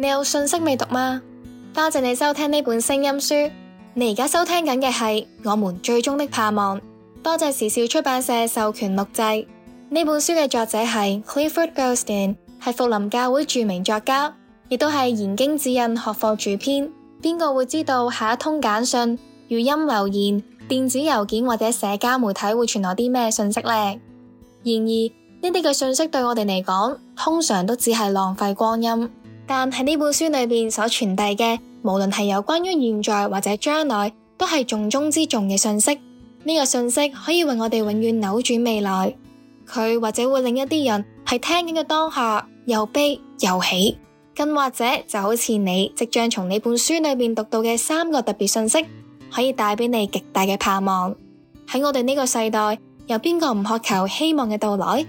你有信息未讀嗎？多謝你收聽呢本聲音書。你而家收聽緊嘅係我們最終的盼望。多謝時兆出版社授權錄製。呢本書嘅作者係 Clifford Goldstein 係福林教會著名作家，亦都係研經指引學課主編。邊個會知道下一通簡訊、語音留言、電子郵件或者社交媒體會傳來啲咩信息呢？然而呢啲嘅信息對我哋嚟講，通常都只係浪費光陰。但喺呢本書裏面所傳遞嘅，無論係有關於現在或者將來，都係重中之重嘅信息。呢、這個信息可以為我哋永遠扭轉未來，佢或者會令一啲人係聽緊嘅當下又悲又喜，更或者就好似你即將從呢本書裏面讀到嘅三個特別信息，可以帶俾你極大嘅盼望。喺我哋呢個世代，有邊個唔渴求希望嘅到來？